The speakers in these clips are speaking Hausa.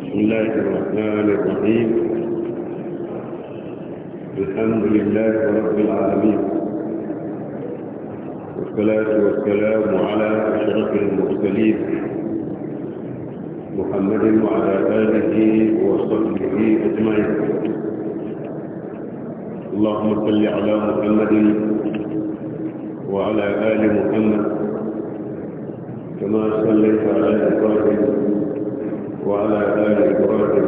بسم الله الرحمن الرحيم الحمد لله رب العالمين والصلاة والسلام على أشرف المرسلين محمد وعلى آله وصحبه أجمعين اللهم صل على محمد وعلى آل محمد كما صليت على إبراهيم وعلى آل إبراهيم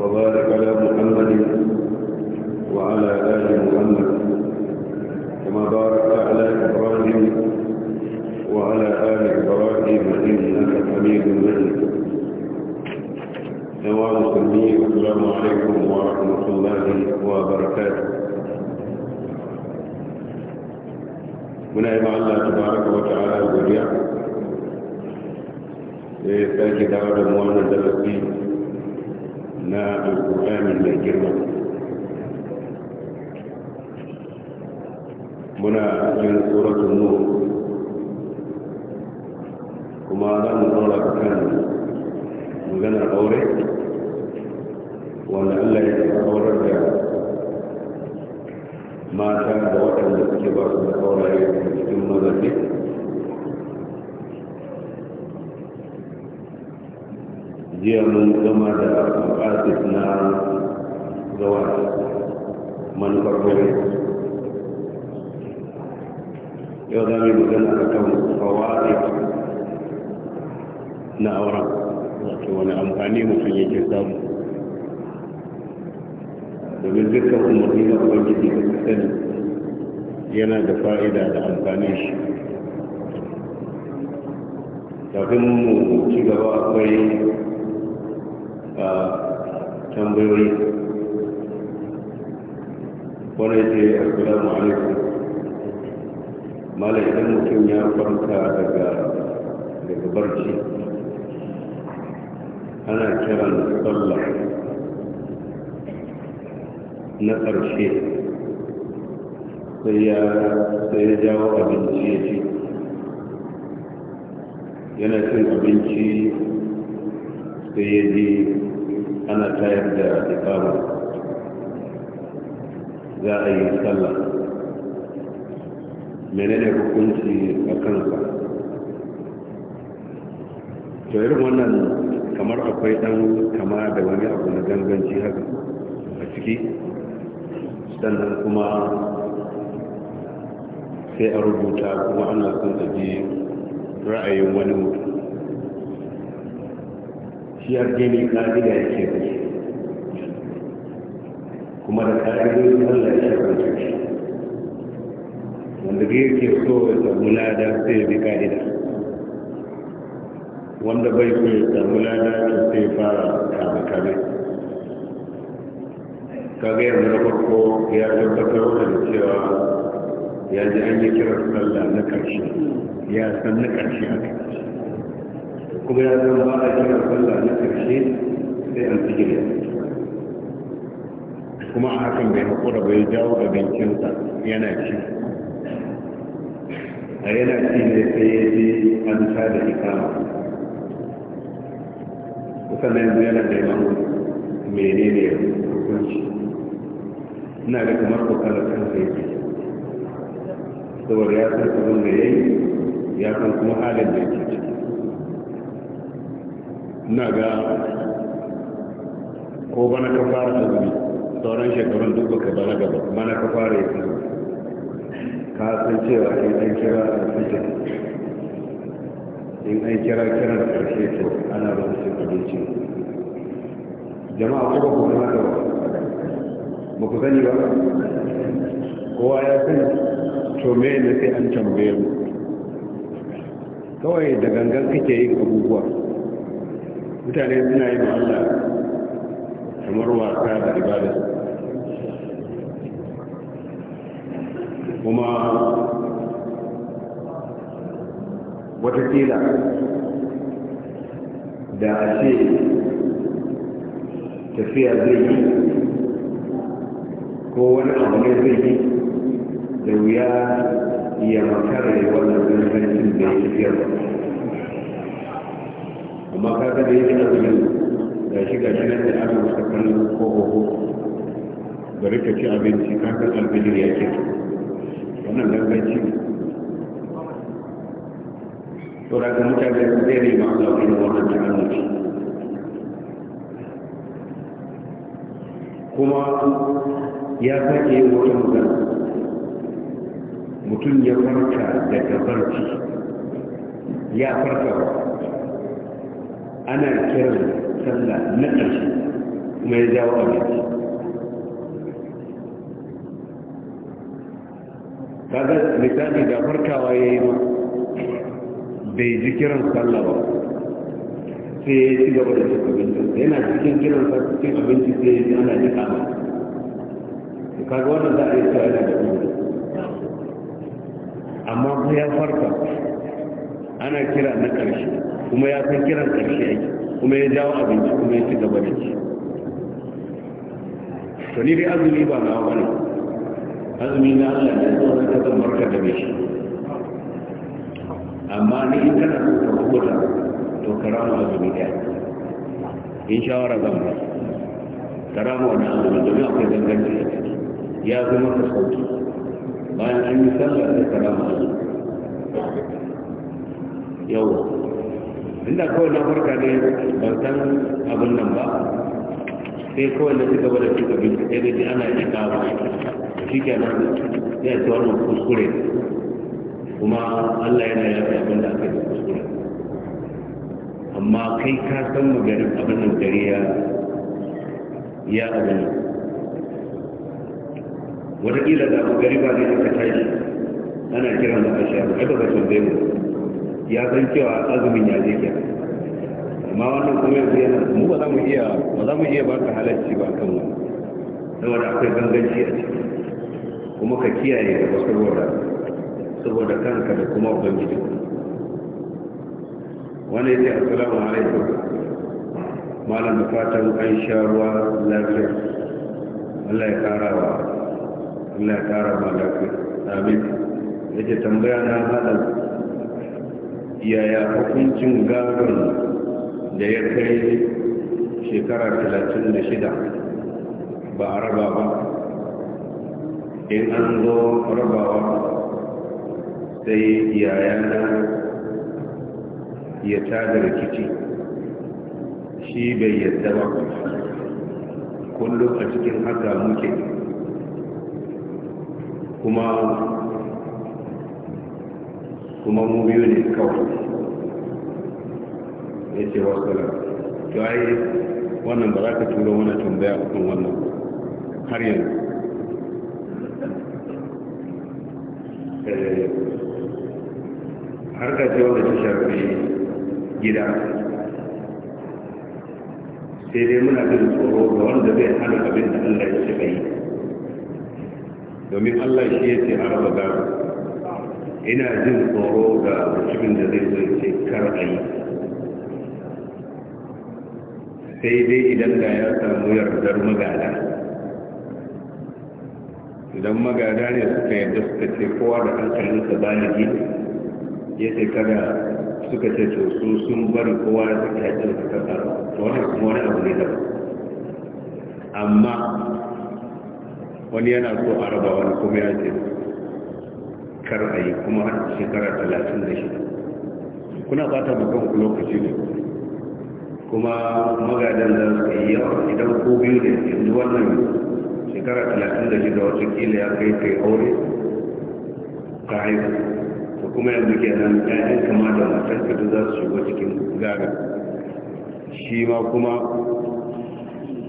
وبارك على محمد وعلى آل محمد كما باركت على إبراهيم وعلى آل إبراهيم إنك حميد مجيد نواب السلمي والسلام عليكم ورحمة الله وبركاته muna yi Allah tabaraka wa ta'ala godiya sai ya sake dawo da mu wannan darasi na alƙur'ani mai girma muna jin suratul nur kuma za mu kan maganar aure wanda Allah ya tsawarar da mata da waɗanda suke ba su da kauraye cikin mazafi jiya mun gama da makasis na gawa manufar kawai yau za mu yi magana a kan kawai na auren wato wani amfani mutum yake samu domin dukkan umarni na ubangiji da ka sani yana da fa'ida da amfani shi kafin mu ci gaba akwai a tambayoyi wani ce assalamu alaikum mala idan mutum ya farka daga daga barci ana kiran sallah na ƙarshe sai ya jawo abinci ya ci yana cin abinci sai ya ji ana tayar da ikama za a yi sallah menene hukunci a kansa to irin wannan kamar akwai ɗan kama da wani abu na ganganci haka a ciki sannan kuma sai a rubuta kuma ana son a ji ra'ayin wani mutum shi addini ƙa'ida ya ke shi kuma da ƙa'idodin Allah ya shafarta shi wanda ke so ya samu lada sai ya bi ƙa'ida wanda bai so ya samu lada sai ya fara kama kamar kaga yanzu na farko ya tabbatar da cewa ya ji an yi kiran sallah na ƙarshe ya san na ƙarshe a ƙarshe kuma ya zama ba a kiran sallah na ƙarshe sai an sigiri kuma a hakan bai haƙura bai jawo abincinsa yana ci a yana ci ne sai ya je an sa da ikama kusan yanzu yana da imamu menene hukunci ina da kamar kokarar kansa yake saboda ya san abin da ya yi ya san kuma halin da yake ciki ina ga ko bana ka fara azumi sauran shekarun duk baka bana gaba bana ka fara yi ka san cewa in an kira a fitar in an kira kiran karshe to ana ba su abinci jama'a ko ba ku bana gaba ba ku ba kowa ya sani to na sai an tambaye mu kawai da gangan kake yin abubuwa mutane suna yin Allah kamar wasa da ibada kuma watakila da ashe tafiya zai yi ko wani abu ne zai yi da wuya ya makara ya wannan gangancin da ya tafiya ba amma kaga da yake azumin da shi ga shi nan da aka masa kallon ko oho bari ci abinci kakan alfajir ya ke wannan ganganci to da kuma mutane su zai ne ma Allah ne wannan ta'annuci kuma ya sake yin wata mutum ya farka daga barci ya farka ana kiran sallah na ƙarshe kuma ya jawo abinci kaga misali da farkawa ya yi ma bai ji kiran sallah ba sai ya ci gaba da cin abinci yana cikin kiran sallah cikin abinci sai ya ji ana ji kama kaga wannan za a yi cewa yana da uzuri amma kuma ya farka ana kira na ƙarshe kuma ya san kiran ƙarshe yake kuma ya jawo abinci kuma ya ci gaba da ci to ni dai azumi ba na wani azumi na Allah ne tsoron ta zan barka da shi amma ni in kana so ka kubuta to karama azumi ɗaya in shawara zan ba karama wani azumi domin akwai zanganci ya zama maka sauki bayan an yi sallar da ka rama azu yau inda kawai na farka ne ban san abin nan ba sai kawai na cigaba da cika bin sai da ji ana cika ba shi nan ya ce wannan kuskure kuma allah yana yafi abin da aka yi kuskure amma kai ka san maganin abin da dare ya ya abin wataƙila da abu gari ba ne aka tashi ana kiran da asha ai ba ka zai mu ya san cewa azumin ya je ke amma wannan kuma yanzu yana mu ba za mu iya ba za mu iya baka halarci ba kan wani saboda akwai ganganci a ciki kuma ka kiyaye gaba saboda saboda kanka da kuma ubangiji wanda ya ce assalamu alaikum malam da fatan an sha ruwa lafiya Allah ya kara wa Allah ya kara ma lafiya amin yake tambaya na hada yaya hukuncin gagon da ya kai shekara talatin da shida ba a raba ba in an zo rabawa sai yayana ya tada rikici shi bai yadda ba kullum a cikin haka muke kuma kuma mu biyu ne kawai ya ce wasu to ai wannan ba za ka turo wani tambaya a kan wannan har yanzu eh, har ka ce wanda ta shafi gida sai dai muna bin tsoro ga wanda zai hana abin da Allah ya shiga yi domin Allah shi ya ce a raba gado ina jin tsoro ga mutumin da zai zai ce kar a yi sai dai idan da ya samu yardar magada idan magada ne suka yarda suka ce kowa da hankalinsa baligi ya ce kada suka ce to su sun bari kowa da suka yi suka tsara wani abu ne da amma wani yana so a raba wani kuma ya ce kar a yi kuma har shekara talatin da shi kuna ba ta bukan lokaci ne kuma magadan da su yi yawa idan ko biyu ne yanzu wannan shekara talatin da shi da wata kila ya kai kai aure ka haihu ta kuma yanzu kenan ya'yan kama da matan kadu za su shigo cikin gara shi ma kuma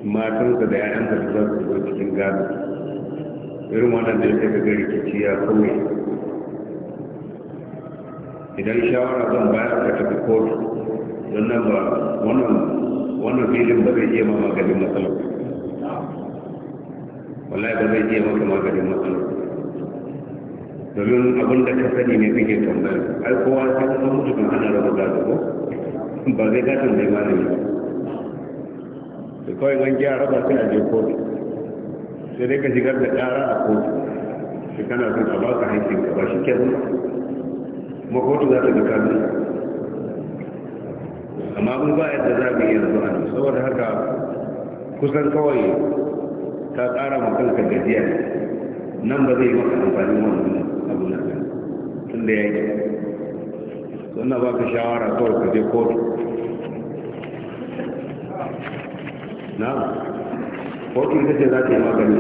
matansa da ya'yan kadu za su shigo cikin gara irin da ya ga rikici ya kawai idan shawara zan bayar ka tafi kotu don nan ba wannan filin ba zai iya ma maganin matsalar wallahi ba zai iya maka maganin matsalar domin abin da ka sani ne kake tambaya ai kowa ta kuma mutu kan ana raba gado ko ba zai gatan mai malami ba kawai an gyara ba sai a je kotu sai dai ka shigar da ƙara a kotu shi kana son a baka haifin ka ba shi kenan kuma kotu za ta ga kamin amma mun ba yadda za mu iya zuwa ne saboda haka kusan kawai ka ƙara ma kanka gajiya nan ba zai yi maka amfani wannan abu na kan tun da ya yi sannan ba ka shawara kawai ka je kotu na ko kotu ka ce za ta yi magani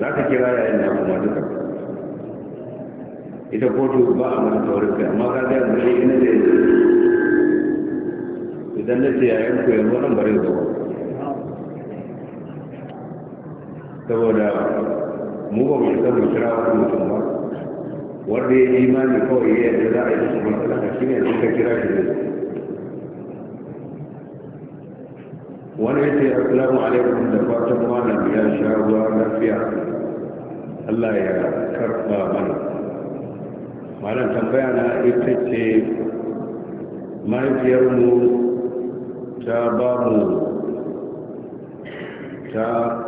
za ta kira yayin na kuma duka ita kotu ba a mana taurin ka amma ka gaya mai ina da idan na ce yayin ku yanzu wannan bari da saboda mu ba mu san mu kira wani mutum ba wanda ya yi imani kawai ya yarda za a yi musu matsala shi ne da suka kira shi ne وليت يسلم عليكم دفات مالك يا شاوى نفيا الله يا كرفا من مالك تنبيانا اتتي مالك يرمو تابامو تا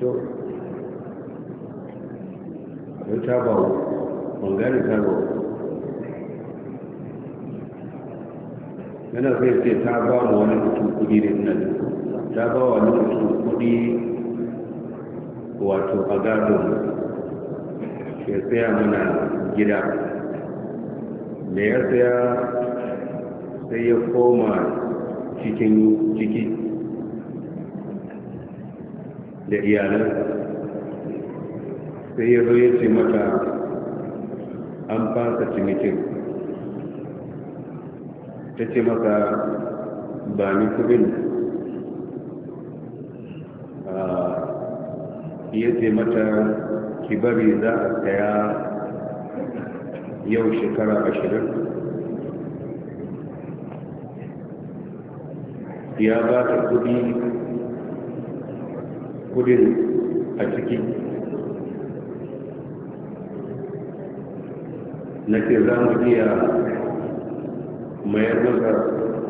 تو تابامو مانغاني تابامو yana zai ce ta ba mu wani mutum kudi ne nan ta ba wani mutum kudi wato a gado ya tsaya mana gida da ya tsaya sai ya koma cikin ciki da iyalan sai ya zo ya ce mata an fasa cinikin ta ce maka ba ni kudin ah, ya ce mata kibari za a tsaya yau shekara ashirin ya ba ta kudi kudin a ciki na ke za mu iya mayar maka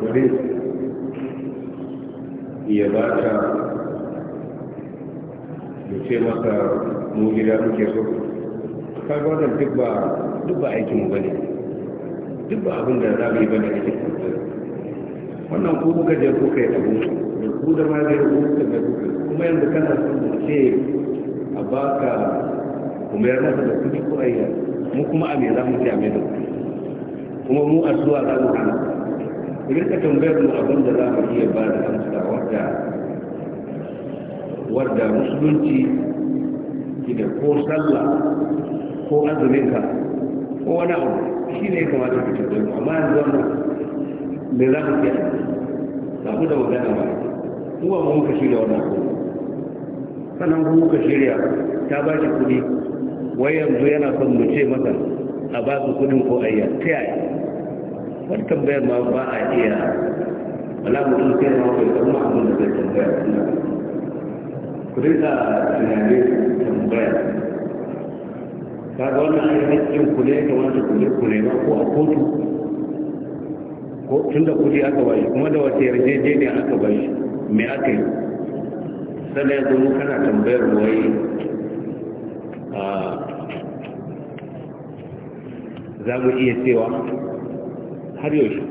kudin ya ba ta da ce maka mu gida muke so kaga wannan duk ba duk ba aikin mu bane duk ba abin da za mu yi bane aikin mu wannan ku kuka je kuka yi abu da ku da ma zai ku kuka da kuka kuma yanzu kana son mu ce a baka kuma yana da kuɗi ko ayya mu kuma a me za mu ce a me da kuma mu addu'a za mu hana ku ka tambayar mu abin da za mu iya ba da amsa wadda wadda musulunci ki da ko sallah ko azumin ka ko wani abu shi ne ya ta ku da mu amma yanzu wannan me za mu ce ba mu da magana ba kuma mu ka shirya wannan abu sannan kuma ka shirya ta ba shi kuɗi wai yanzu yana son mu ce masa a ba su kudin ko a yi a yaya wani tambayar ma ba a iya wala mutum sai ma bai san ma abin da zai tambaya suna ku a tunanin tambaya kaga wannan ai hakkin ku ne ga wanda ku ne ku ne ma ko a kotu ko tun da kudi aka bayi kuma da wata yarjejeniya aka bayi me aka yi sannan yanzu kana tambayar wai ah, za mu iya cewa har yaushe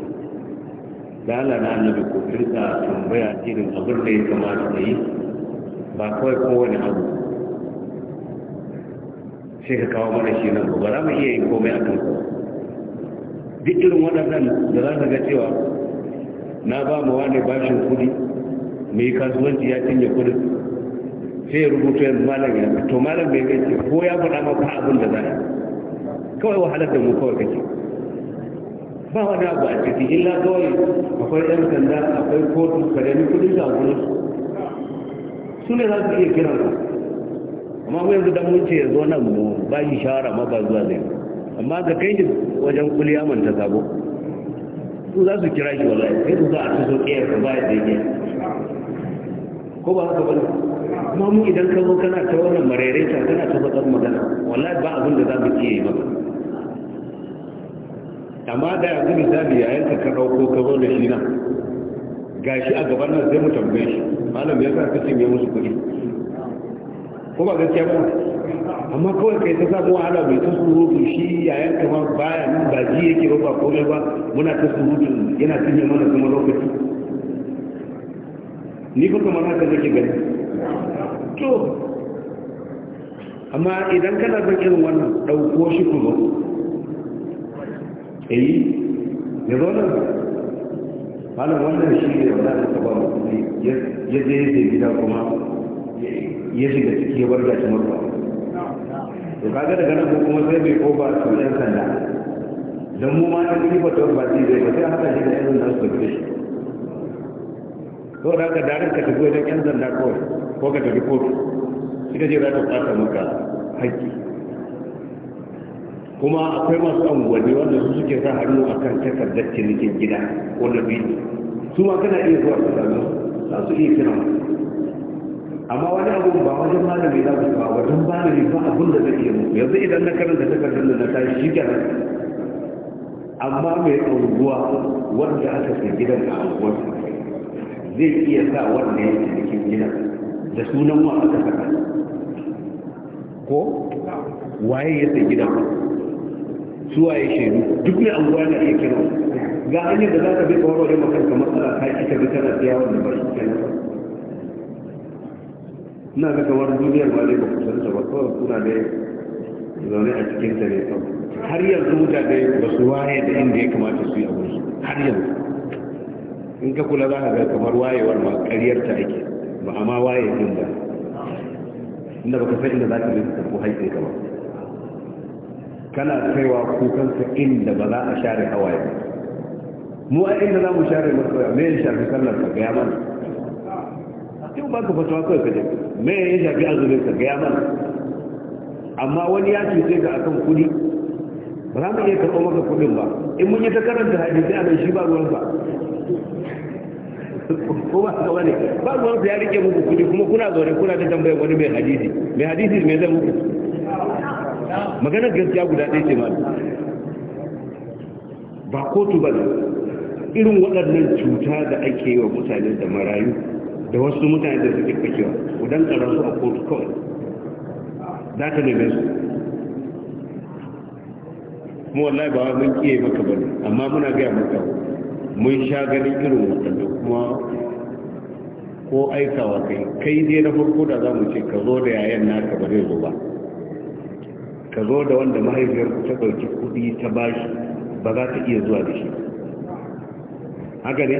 da Allah na annabi ko kirka tambaya irin abin da ya kamata da yi ba kawai kowane abu sai ka kawo mana shi nan ba za mu iya yin komai a kan duk irin waɗannan da za ka ga cewa na ba mu wani bashin kuɗi mai kasuwanci ya cinye kuɗi sai ya rubuta yanzu malam ya to malam bai kai ce ko ya faɗa maka abin da za a yi kawai wahalar da mu kawai kake ba wani abu a ciki illa kawai akwai yan sanda akwai kotu ka nemi kudin da su su ne za su iya kiran ku. amma mu yanzu dan mun ce ya zo nan mu ba shi shawara ma ba zuwa zai amma ga kai ne wajen kuliya man ta sabo su za su kira shi wallahi sai su za a tuso ƙiyar ka ba ya daidai ko ba haka bane amma mu idan ka zo kana ta wannan ta kana ta bakar magana wallahi ba abin da za mu iya yi ba? amma da yanzu misali yayin ka ka dauko ka zo da shi nan gashi a gaban nan sai mu tambaye shi malam ya sa kace me musu kudi ko ba gaskiya ba amma kawai kai ta samu wahala mai ta surutu shi yayan ka ma baya nan ba ji yake ba ba komai ba muna ta surutu yana cinye mana kuma lokaci ni ko kamar haka nake gani to amma idan kana son irin wannan ɗauko shi kuma eh ya zo nan malam wannan shi ne wanda ta ba mu kuɗi ya je ya gida kuma ya shiga ciki ya barga gashi marfa to kaga daga nan kuma sai bai koba su yan sanda Don mu ma ta kuɗi ba ba zai zai ba sai haka shi da yan nan su da shi to da ka darin ka tafi wajen yan sanda kawai ko ka tafi kotu shi ka je za ta fata maka haƙƙi kuma akwai masu anguwanni wanda su suke sa hannu a kan takardar cinikin gida ko na biyu su ma kana iya zuwa su sami za su iya kira amma wani abu ba wajen malami za su ba wajen malami ba abun da zai iya muku yanzu idan na karanta takardar da na tashi shi kenan amma mai unguwa wanda aka fi gidan a unguwar zai iya sa wanda ya cinikin gidan da sunan wa aka saka ko waye ya sai gidan zuwa ya shaidu duk mai anguwa na iya kira ga hanyar da za ka bi tsawon wajen makarka matsala ta yi ita bitana da yawon da bari kenan na ga kamar duniyar ba zai ba kusan ba kawai kuna da zaune a cikin ta ne kawai har yanzu mutane ba su waye da inda ya kamata su yi abin su har yanzu in ka kula za ka ga kamar wayewar ma karyar ta ake ba amma waye din ba inda ba ka san inda za ka bi ko haifin ka ba kana kaiwa kukanka inda ba za a share hawaye ba mu a inda za mu share masoya me ya shafi sallar ka gaya mana yau ba ka fatawa kawai ka je me ya shafi azumin ka gaya mana amma wani ya cuce ka akan kudi ba za mu iya karɓo maka kudin ba in mun yi ta karanta hadisi a nan shi ba ruwan ba ko ba ka bane ba ruwan ya rike muku kudi kuma kuna zaune kuna ta tambayar wani mai hadisi mai hadisi mai zai muku maganar gaskiya guda ɗaya ce malam ba kotu ba irin waɗannan cuta da ake yi wa mutane da marayu da wasu mutane da suke fakewa wadan tsaron su a kotu kawai za ta neme su kuma wallahi ba mun kiye maka ba amma muna gaya maka mun sha ganin irin waɗanda kuma ko aikawa kai kai dai na farko da za mu ce ka zo da yayan naka ba zai zo ba ka zo da wanda mahaifiyar ku ta dauki kuɗi ta bashi ba za ta iya zuwa da shi haka ne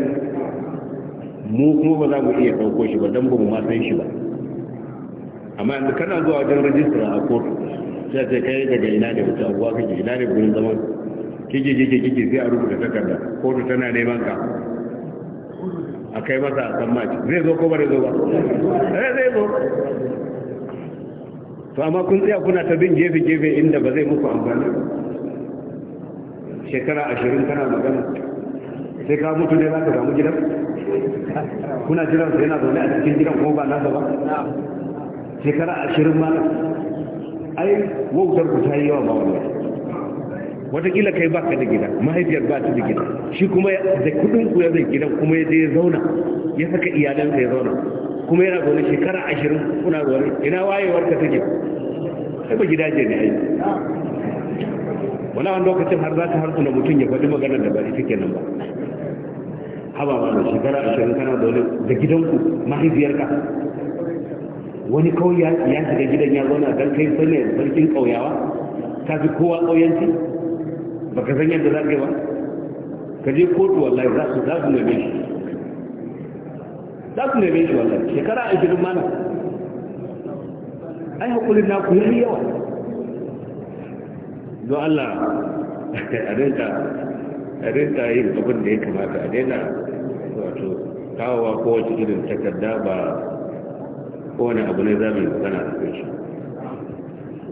mu kuma ba za mu iya dauko shi ba don ba mu ma san shi ba amma yanzu kana zuwa wajen rajistra a kotu sai sai kai daga ina ne wuce abuwa kake ina ne gurin zaman kike kike kike sai a rubuta takarda kotu tana neman ka a kai masa a san zai zo ko ba zai zo ba eh, zai zo to amma kun tsaya kuna ta bin gefe-gefe inda ba zai muku amfani shekara ashirin kana magana sai ka mutu ne za ka samu gidan kuna jiran sai yana zaune a cikin gidan ko ba nasa ba shekara ashirin ma ai wautar ku ta yi yawa ba wani watakila kai ba ka da gida mahaifiyar ba ta da gida shi kuma da kudin ku ya zai gidan kuma ya zai zauna ya saka iyalansa ya zauna kuma yana zaune shekara ashirin kuna zaune ina wayewar ka take sai ba je ne ai wani wani lokacin har za ta harsuna mutum ya faɗi maganar da ba ita kenan ba haba ba da shekara ashirin kana zaune da gidanku ka wani kawai ya shiga gidan ya zauna don kai sanya sarkin ƙauyawa ta fi kowa ƙauyanci baka san yadda za ka ba ka je kotu wallahi za su za su neme shi za su neme shi wallahi shekara a gidan mana ai hakurin na ku yi yawa don Allah a rinka a rinka yin abin da ya kamata a daina wato kawowa kowace irin takarda ba kowane abu ne za mu yi magana a kai shi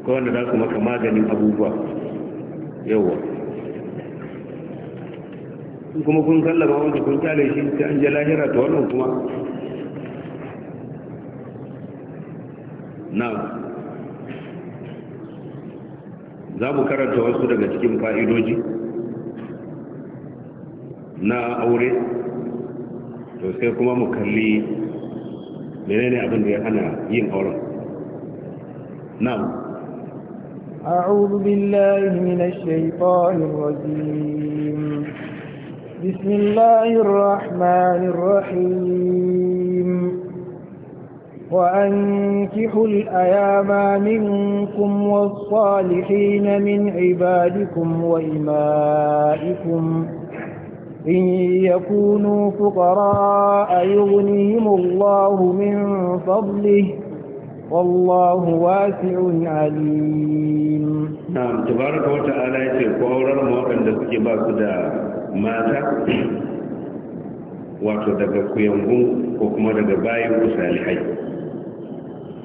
kowane za su maka maganin abubuwa yawa kuma kun sallama wanda kun kyale shi ta an je lahira ta wannan kuma na za mu karanta wasu daga cikin fa'idoji na aure to sai kuma mu kalli menene abin da ya hana yin auren na أعوذ بالله من الشيطان الرجيم بسم الله الرحمن الرحيم وأنكحوا الأيام منكم والصالحين من عبادكم وإمائكم إن يكونوا فقراء يغنيهم الله من فضله والله واسع عليم نعم تبارك وتعالى يقول قولا مؤمن لسكي باسدا mata wato daga kuyangun ko kuma daga bayan musalihai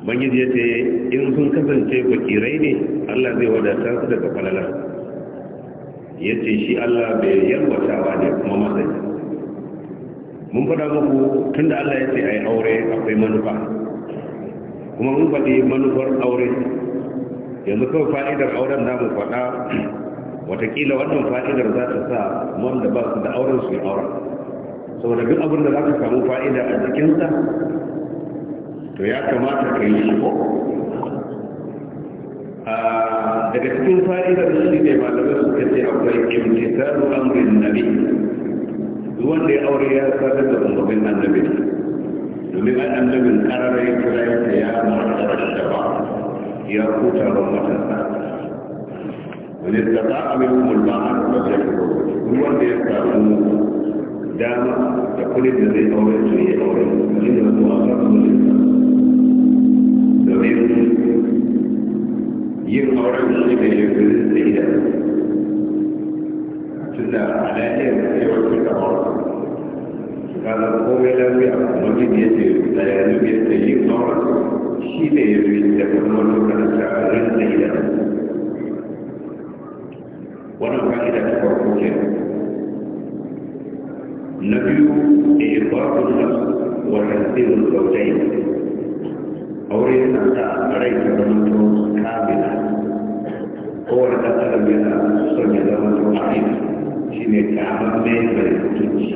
bangin ya ce in sun kasance bakirai ne allah zai wadata su daga falala ya ce shi allah bai yalwatawa ne kuma matsayi mun faɗa muku tunda allah ya ce a yi aure akwai manufa kuma mun faɗi manufar aure yanzu kawai fa'idar auren namu faɗa watakila wannan fa'idar za ta sa wanda ba su da auren su yi sau da duk abin da za ka samu fa'ida a jikinsa to ya kamata ka yi shigo ko daga cikin fa'idar shi ne malamai suka ce akwai imtisalu amrin nabi wanda ya aure ya sadar da umarnin annabi domin an annabin kararai kira ya ta ya ma'arar da ba ya kuta matasa wani tsada a mai kuma ba a tsakiyar duk wanda ya samu dama da kudin da zai aure su ya aure shi da kuma a kan su domin yin auren shi da ya fi da ida tunda alayyar yawar su da aure kaga komai lafiya kuma jin ya ce da ya zubi ya ce yin auren shi da ya fi da kuma lokacin da a rinsa ida wannan ka'ida ta farko ke na biyu ibabu na wa tanzilul zawjayn aure yana sa rai ta zama kamila kowane ɗan adam yana son ya zama to kamila shine kamar mai mai mutunci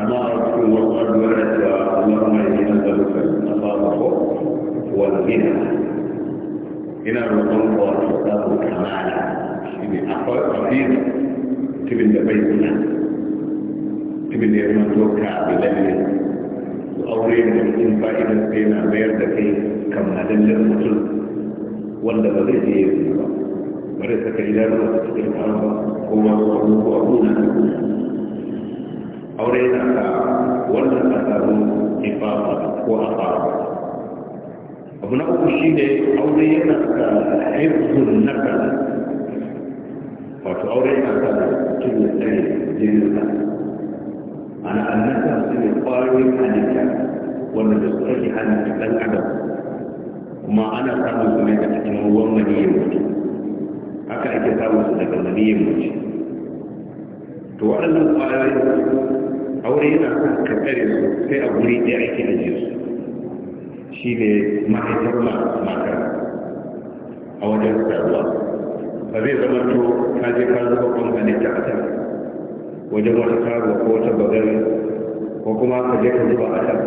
amma a cikin wasu addu'ar da Allah mai yana da mutunci ba ko wal gina ina roƙon ka wato samu kamala shine akwai ofis mutumin da bai kula mutumin da ya zama doka a bilalin su aure da cikin fa'idar sai na mayar da kai kammalallen mutum wanda ba zai je ya zuba ba bare saka idanuwa su cikin kama ko wasu abu ko abu na aure na ka wannan a samu ifafa ko a fara abu na uku shi ne aure yana da haifun nakal wato aure yana da cikin da tsaye jinin sa ana annaka su ne kwayoyin halitta wanda da su rage halitta ɗan adam kuma ana samun su ne a cikin ruwan maniyyar mutum haka ake samun su daga maniyyar mutum to waɗannan kwayoyin aure yana son ka tsare su sai a guri ɗaya ake ajiye su shi ne ma'aikar matar a wajen saduwa ba zai zama to ka je ka zuba kwan halitta a can wajen wata karuwa ko wata bagare ko kuma ka je ka zuba a can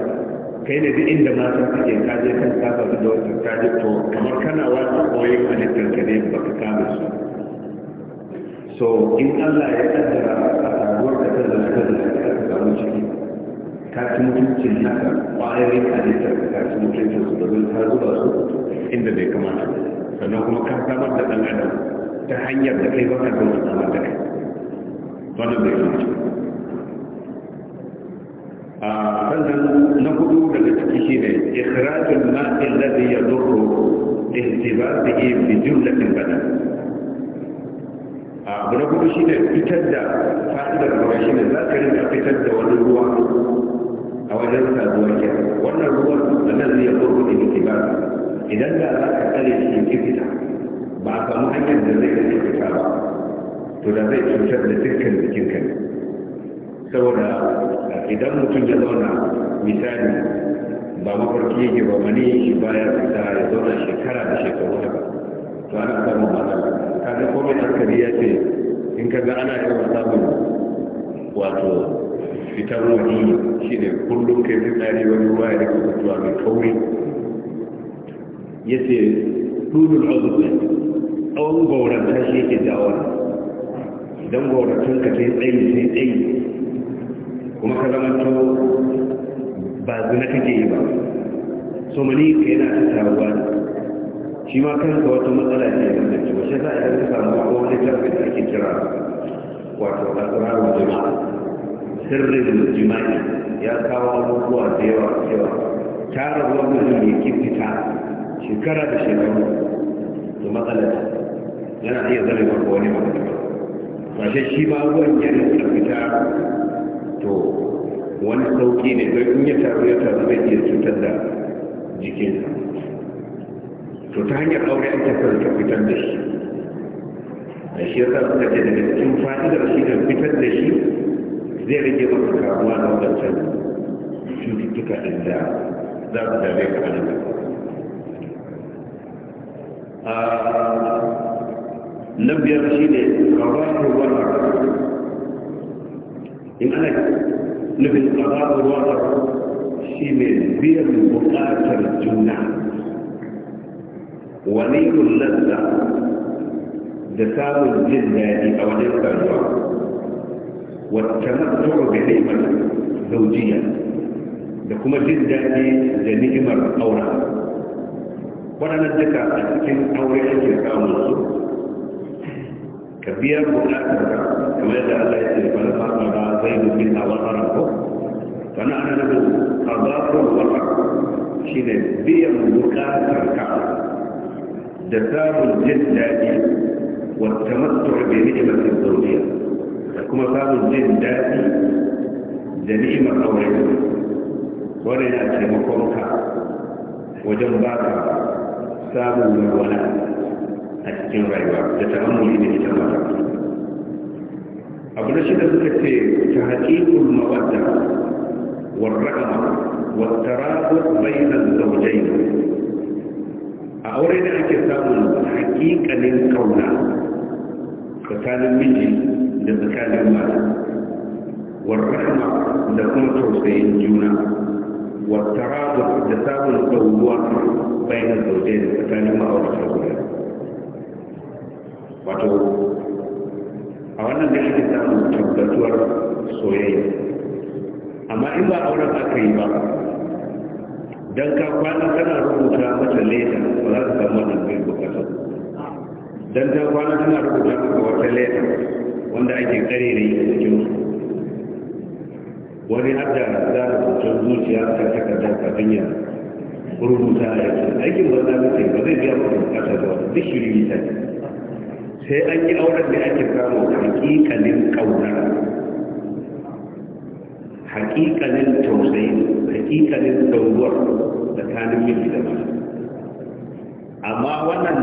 kai ne duk inda mata suke ka je kan saba da wata ka je to kamar kana wata koyin halittar ka ne ba ka kama su so in allah ya kaddara a saduwar da ta zama ta zama ta samu ciki ta ci mutuncin na ga ƙwayoyin halittar da ta ci mutuncin su domin ta zuba su inda bai kamata sannan kuma ka samar da ɗan adam ta hanyar da kai baka zama samar da kai wannan bai kamata a sannan na hudu daga ciki shi ne ikhrajul ma'in ladhi yadurru ihtibasihi bi jumlatin badal abu na kuma shine fitar da fa'idar ruwa shine za ka rinka fitar da wani ruwa a wajen saduwa ke wannan ruwan da nan zai burbu da ke ba idan da za ka tsare shi ke fita ba a samu hanyar da zai kashe fita ba to da zai cutar da dukkan jikin ka saboda idan mutum ya zauna misali ba mafarki yake ba mani yake baya fita ya zauna shekara da shekaru haka to ana samun matsala kaga komai askari ya ce in ka ga ana yawan samun wato fitar wani shi ne kullum kai fitsari wani ruwa ya rika mutuwa mai kauri ya ce dudun azubu tsawon gauranta shi yake jawo idan gaurantun ka sai tsayi sai tsayi kuma ka zama to ba zina kake yi ba so mani ka yana ta taruwa shi ma kanka wata matsala ce wanda ce wasu za a yi ta samu wani tarbi da ake kira wato asirar jama'a sirrin jima'i ya kawo abubuwa da yawa cewa tara ruwan mutum ya kifita shekara da shekaru to matsalar yana iya zama ba wani ba ba shi shi ba ruwan yana fita to wani sauki ne don in ya taru ya taru zai iya cutar da jikinsa to ta hanyar aure an tafi ta fitar da shi a shi yasa suka ce daga cikin fa'idar shi da fitar da shi zai rage maka kamuwa da wadancan cututtuka ɗin da za su dame ka nan na biyar shi ne kawai ruwan in ana nufin kawai ruwan shi ne biyan buƙatar juna wani kullum da samun jin daɗi a wajen karuwa والتمتع بنعمة زوجية لكم جدا لنعمة أورا وانا نجدك أكتن أوري أكتن أوري أكتن كبير مؤلاء كما يدى الله يسير فالفاق مدى زيد بن أولا ربه فانا أنا نقول أضاف الوضع شين بيم مؤلاء الكعب دسام الجدا والتمتع بنعمة الزوجية da kuma samun jin daɗi da ni'imar aure wannan yana taimakon ka wajen ba ka samun walwala a cikin rayuwa da ta ta'ammuli da ita mata abu na shida suka ce ta haƙiƙul mawadda warraƙama wattarabu bainal zaujai. a aure da ake samun haƙiƙanin kauna tsakanin miji da tsakanin mata warrahma da kuma tausayin juna wattarabu da samun ɗauruwa bayan zaune da tsakanin ma'aurata guda wato a wannan da ake samun tabbatuwar soyayya amma in ba auren aka yi ba don ka kwana tana rubuta mata leda ba za ka samu wannan bai bukatar don ta kwana tana rubuta maka wata leda wanda ake kare da yi cikin wani har da za a tuntun zuciya ta takardar kafin ya rubuta a yanzu aikin wanda ta ba zai biya ba bukatar da wata duk shiri ta sai an yi auren da ake samu hakikalin kauna hakikalin tausayi hakikalin dauwar tsakanin yin da mata amma wannan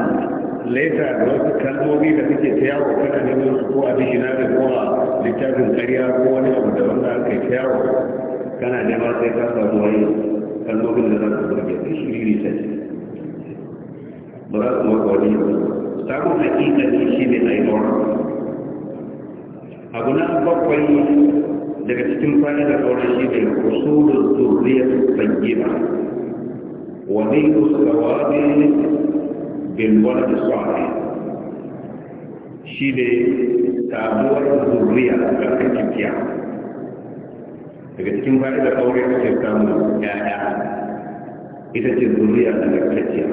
Leta, da wasu kalmomi da suke ta yawo kana neman su ko a bishina da kowa littafin karya ko wani abu da wanda aka ta yawo kana nema sai ka samu wani kalmomin da zan kuma burge ta shiri ta ce ba za su maka wani yau samun hakika ne shi ne a yi abu na bakwai daga cikin da kawai shi ne usulun zurriyar tsayyina wa ne usul gawabi bil walad salih shine sabuwar zuriya ga kakkiya daga cikin da aure ake samun ya'ya ita ce zuriya da kakkiya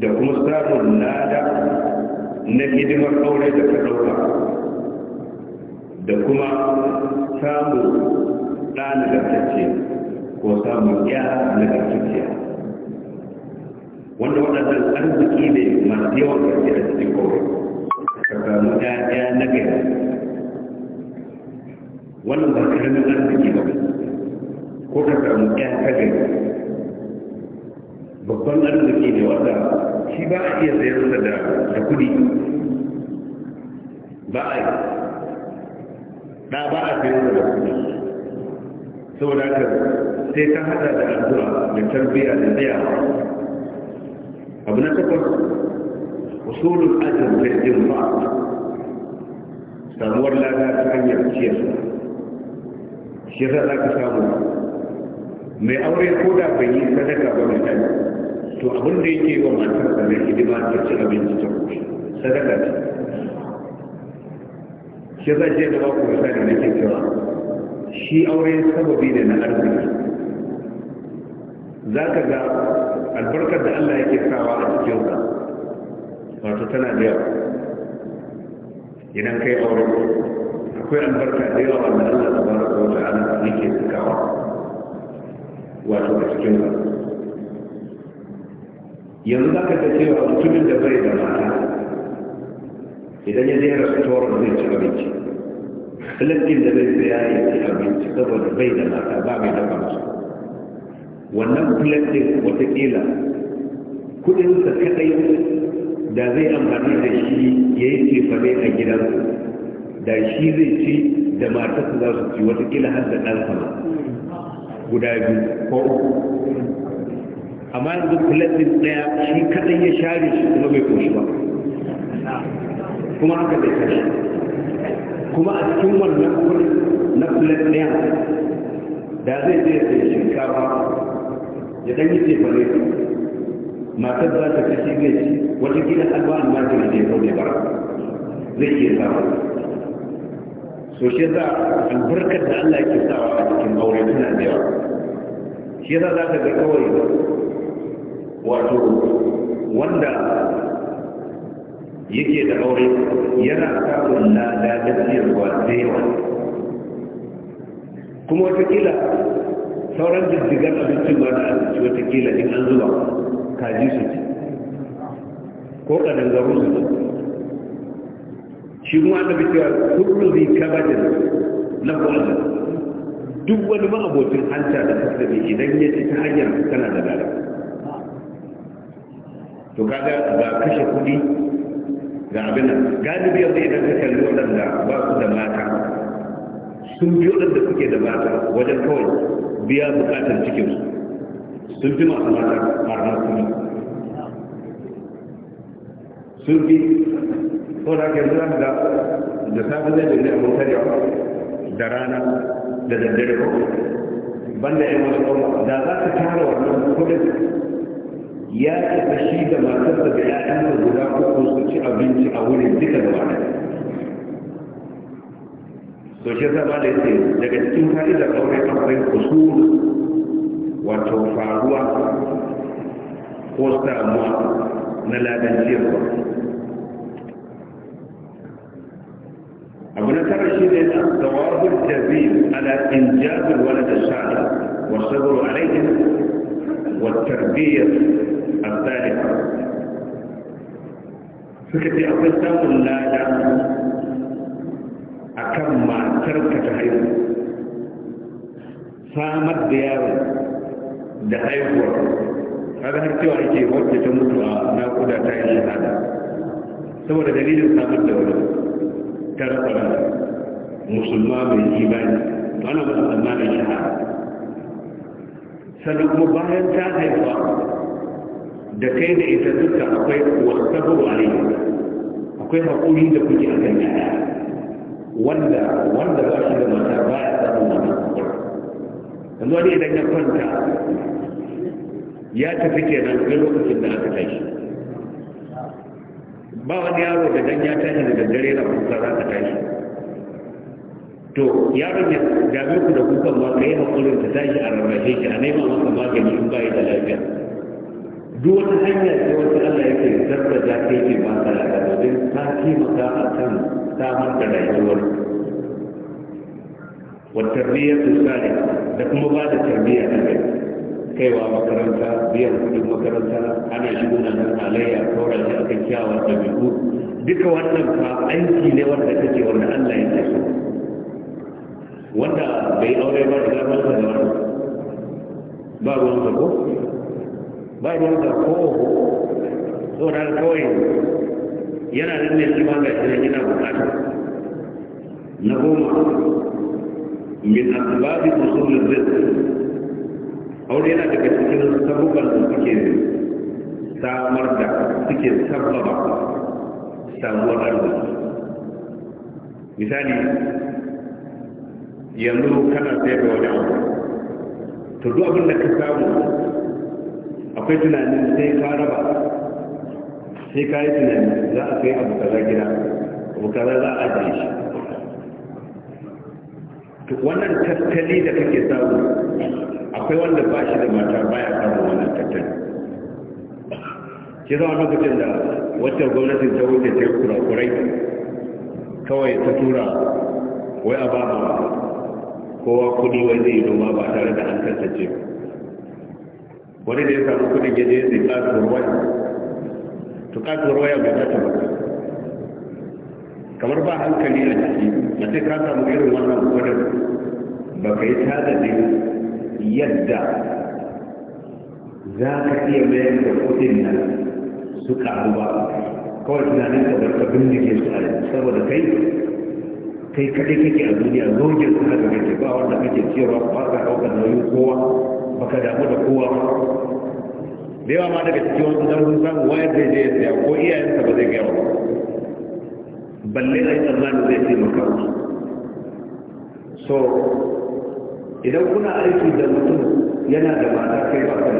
da kuma samun lada na hidimar aure da ta ɗauka da kuma samun ɗa na ko samun ya na kakkiya wanda waɗannan arziki ne masu yawan gaske a cikin kawai ka samu ya na gari wannan ba karamin arziki ba ko ka samu ya ta gari babban arziki ne wanda shi ba a iya sayar da da kuɗi ba a da ba a sayarsa da kuɗi saboda haka sai ka hada da addu'a da tarbiyya da tsayawa abu na takwas usulun ajin jirgin ba samuwar lada ta hanyar ciyarwa shi za za ka samu mai aure ko da bai yi sadaka ba misali to abin da yake wa matar da na hidima ta ci abinci ta kushe sadaka ce shi za je da ba ku misali na ke cewa shi aure sababi ne na arziki za ka ga tana da yawa idan kai aure akwai albarka da yawa da Allah tabaraka ta ana yake sakawa wato a cikin sa yanzu za ka ga cewa mutumin da bai da mata idan ya zai rasu tawar zai ci abinci filistin da bai tsaya ya ci abinci saboda bai da mata ba mai dafa masa wannan filistin watakila kudinsa kadai da zai amfani da shi ya yi cefane a gidan da shi zai ci da matasa za su ci watakila har da ɗan sama guda biyu ko amma yanzu kulattin ɗaya shi kaɗan ya share shi kuma bai koshi ba kuma haka zai tashi kuma a cikin wannan kudin na kulat ɗaya da zai je ya shinkafa ya ɗan yi cefane matar za ta kashe gaji wata gida ba almajiri ne ko ne ba zai iya samu so shi za albarkar da Allah ke sawa a cikin aure tana da yawa shi za za ka ga kawai wato wanda yake da aure yana samun lada da ciyarwa da yawa kuma wata watakila sauran jirgin abincin ba da abinci watakila in an zuba kaji su ci ko garu su ci shi kuma annabi cewa kullu zai kabajin na kwallon duk wani ma'abocin hanta da tasabi idan ya ci ta hanyar tana da lada to kaga ga kashe kuɗi ga abin nan galibi yanzu idan ka kalli waɗanda ba su da mata sun biyo da suke da mata wajen kawai biya bukatar cikinsu sun fi masu mata barna kuma sun fi ko da ke zuwa da da sabon da jirgin abokan yau da rana da daddare ko banda yan wasu kuma da za su tara wannan kudin ya ta shi da masu da ‘ya'yansa guda uku su ci abinci a wurin duka da wani so shi zama da yake daga cikin ka'idar aure akwai kusuru wato faruwa ko samuwa na ladan ciyarwa abu na tara shi ne tsawabin jazir ala injazin wani da sha'a wa saburu alaikin wa tarbiyyar al-tarifa suka ce akwai samun lada a kan matar ka ta haihu samar da yawon da haihuwar kaga har cewa ake wacce ta mutu a nakuda ta yi shahada saboda dalilin samun da wani ta rasa musulma mai imani ana musulma mai shahara. sannan kuma bayan ta haifa da kai da ita duka akwai wasu a akwai haƙuri da kuke a kan yaya wanda wanda ba shi da mata ba ya samun mata yanzu wani idan ya kwanta ya tafi nan sai lokacin da aka tashi ba wani yaro da dan ya tashi da dare na kusa za ka tashi to yaron ya dame ku da kukan ma ka yi haƙurin ta tashi a rarrashe shi a nema maka magani in bayi da lafiya duk wata hanya ce wata Allah yake zarta za ta yake ba ta lafiya domin ta taimaka a kan samar da rayuwar wa tarbiyyar tsari da kuma ba da tarbiyya kai kaiwa makaranta biyan kudin makaranta ana shigo na nan halayya kawai shi akan kyawa da biyu duka wannan fa aiki ne wanda kake wanda Allah ya ce wanda bai aure ba da ba ta da wani ba ruwan ka ba ruwan ka ko tsoron kawai yana nan ne shi ma ga shi yana bukata na goma min asbabi usul rizq aure yana daga cikin sabukan da suke samar da suke sabbaba sabuwar arziki misali yanzu kana sayar da wani abu to duk abin da ka samu akwai tunanin sai ka raba sai ka yi tunani za a kai abu kaza gida abu kaza za a ajiye shi to wannan tattali da kake samu akwai wanda ba shi da mata baya samun wannan tattali ke zama lokacin da wata gwamnatin ta wuce ta yi kurakurai kawai ta tura wai a ba kowa kudi wai zai yi noma ba tare da an ce. wani da ya samu kudin ya zai kasuwar wani, to kasuwar waya bai kata kamar ba hankali a jiki a sai ka samu irin wannan gudun ba ka yi tanadin yadda za ka iya mayar da kudin nan su karu ba kawai tunanin ka bar ka bindige su a saboda kai kai kaɗai kake a duniya zogin su haka kake ba wanda kake cewa ba ka ɗaukar nauyin kowa ba ka damu da kowa da yawa ma daga cikin wasu dan sun wayar da ya ko iyayensa ba zai gaya ba balle a tsammanin zai taimaka wa. so idan kuna aiki da mutum yana da mata kai ba ka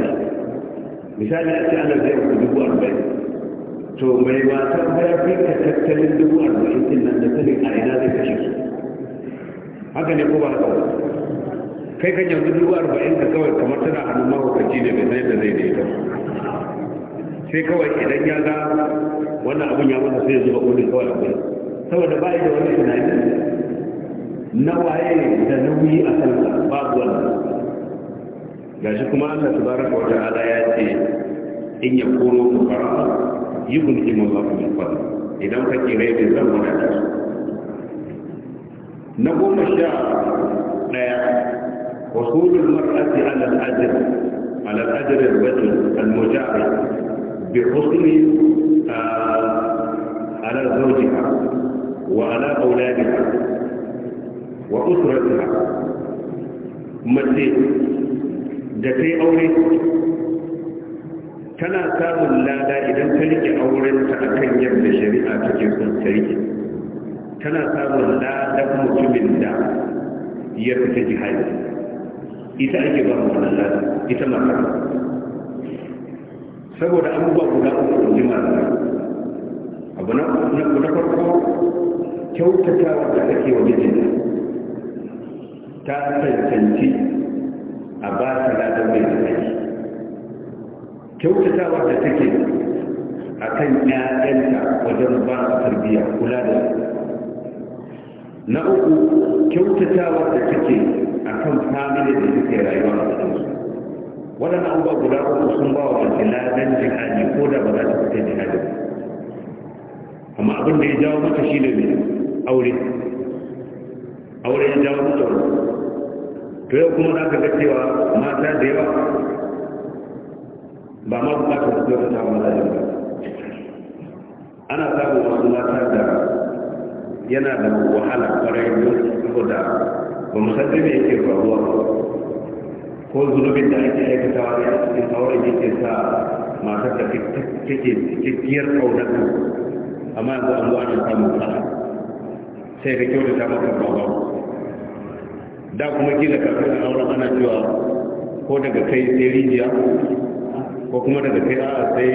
misali a ce zai ku dubu arba'in to mai mata ya fi ka tattalin dubu arba'in din nan da sanin a ina zai kashe su haka ne ko ba haka kai kan yanzu dubu arba'in ka kawai kamar tana hannun mahaukaci ne bai san yadda zai daita sai kawai idan ya ga wannan abun ya masa sai ya zuba kudin kawai abin saboda ba da wani tunani na waye da nauyi a kansa babu wannan gashi kuma Allah tabaraka wa ta'ala ya ce in ya kono ku fara yubun imallahu min fadl idan ka kire da zan wada da su na goma sha daya wasulul mar'ati ala al-ajr على الأجر الرجل المجاعد بحسن آه على زوجها وعلى أولادها وأسرتها mace da ta yi aure tana samun lada idan ta rike aurenta a kan yadda shari'a take son ta rike tana samun lada mutumin da ya fita jihadi ita ake ba wannan lada ita mata saboda abubuwa guda uku in ji mata abu na farko kyautatawa da ake wa mijinta ta cancanci a ba ta ladar mai tsaki kyautatawa da take a kan ƴaƴanta wajen ba su tarbiyya kula da su na uku kyautatawa da take a kan famili da suke rayuwa a cikinsu waɗannan abubuwa guda uku sun ba wa mace ladan jihadi ko da ba za ta fita jihadi amma abin da ya jawo mata shi ne mai aure aure ya jawo mutuwa to yau kuma za ka ga cewa mata da yawa ba ma ba ta yau ta wani ba ana samun wasu mata da yana da wahala kwarai don saboda ba mu san me yake faruwa ko zunubin da ake aikatawa ne a cikin auren yake sa matar da take cikakkiyar kaunar amma yanzu an zo ana samun sana'a sai ka ta maka baba da kuma kila kafin auren ana cewa ko daga kai sai rijiya ko kuma daga kai a sai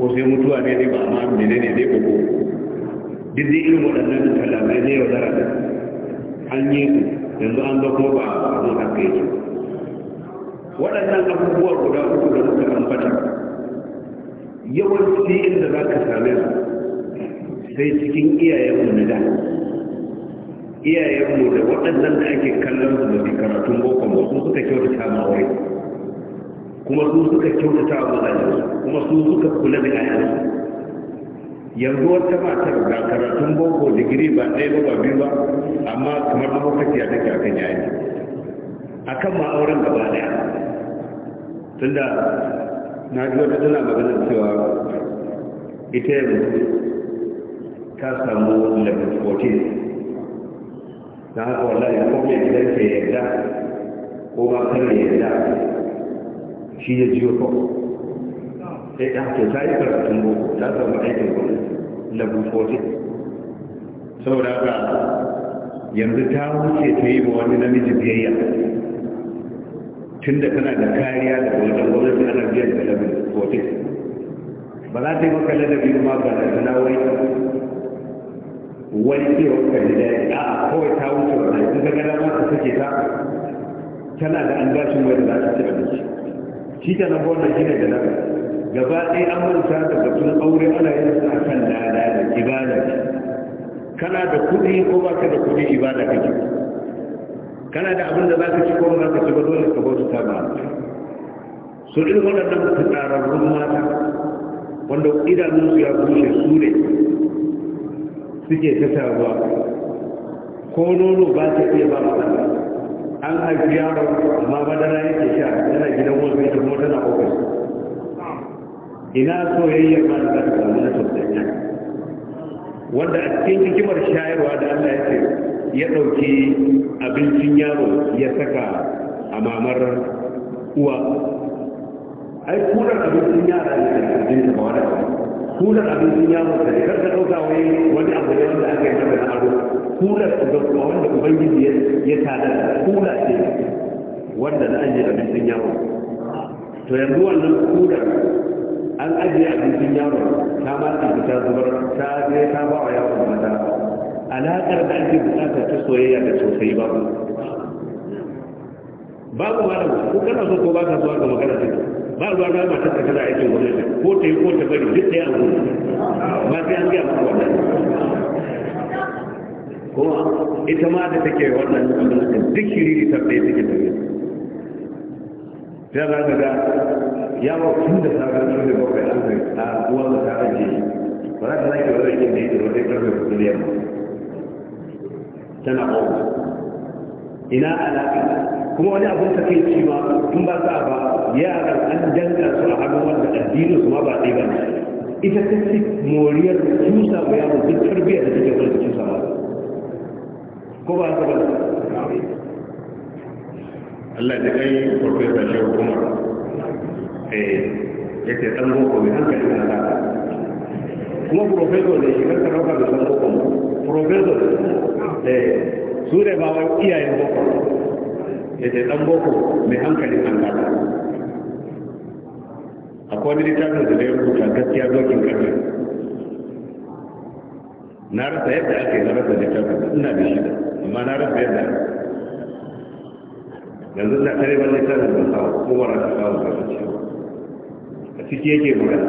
ko sai mutuwa ne ne ba ma mene ne ne koko duk zai irin waɗannan kalamai ne yau zara da an yi su yanzu an zo kuma ba a zo ta kai su waɗannan abubuwa guda uku da muka ambata yawanci inda za ka same su sai cikin iyayenmu na da iyayenmu da waɗannan da ake kallon su mafi karatun boko ba su suka kyautata a wai kuma su suka kyautata wa mazajensu kuma su suka kula da ayyana yanzu wata matar ga karatun boko digiri ba ɗaya ba ba biyu ba amma kamar mahaukaciya take ke kan yayi a kan ma'auren gaba ɗaya tunda na ji wata tana maganar cewa ita yanzu ta samu level 14 don haka ya ko mai gidan ke yarda ko ba kan ya yarda shi ya jiyo ko sai da ke ta yi karatun boko ta samu aikin gwamnati level 14 saboda haka yanzu ta wuce ta yi ma wani namiji biyayya tun da tana da kariya da wajen gwamnati ana biyar da level 14 ba za ta yi maka ladabi ma ba da sana'o'i wani ke wanka da daɗi a kawai ta wuce wa rai in gada ma ta sake ta tana da an gashin wani za ta ci abinci shi ta nan wannan shi ne da nan gaba ɗaya an manta da batun aure ana yin a kan lada da ibada kana da kuɗi ko ba ka da kuɗi ibada kake kana da abin da za ka ci ko ba ka ci ba dole ka bauta ta ba su ɗin waɗannan fitsararrun mata wanda idanunsu ya bushe su ne suke ta taruwa ko nono ba ta iya ba an haifi yaro amma madara yake sha yana gidan wasu ita kuma tana ofis ina soyayyar ba da ta samu na ne. wanda a cikin hikimar shayarwa da Allah ya ce ya ɗauki abincin yaro ya saka a mamar uwa ai kuran abincin yara ne da abincin ba wani kular abincin ya mutu da karka ɗauka wai wani abu ne wanda aka yi masa na aro kular ga kuma wanda ubangiji ya tada kula ce wanda na ajiye abincin yaro to yanzu wannan kular an ajiye abincin yaro ta ma tsabi ta zubar ta je ta ba wa yawon mata alaƙar da ake buƙatar ta soyayya da sosai ba babu ma da ko kana so ko ba ka zuwa ga magana take ba ruwa na ba tattaka tana aikin gwamnati ko ta yi ko ta bari duk ɗaya a gudu ba sai an gaya masu wannan kuma ita ma da take wannan gwamnatin duk shiri ta ɗaya take tafiya sai za ka ga yawo tun da sabon sun da bakwai an zai a uwa da ta rage ba za ka za ka wani jini da wani karfe kudin yamma tana ƙwaƙwa ina alaƙa kuma wani abin ta kai ci in ba sa ba yaran an danka su a hannun wanda addinin su ma ba ɗaya ba ita ta ce moriyar tusa ba yaro duk tarbiyyar da take wani tusa ba ko ba ta ba Allah ya kai farfesa shehu Umar eh yake dan boko mai hankali na ta. kuma professor ne shi karka rauka da san boko professor eh su ne ba wai iyayen boko ya ce dan boko mai hankalin Allah akwai wani littafin da ya rubuta gaskiya dokin karfe na rasa yadda ake na rasa littafin ina da shida amma na rasa yadda yanzu na tare wani littafin da sawa ko wara ta sawa da ta ciwo a ciki yake magana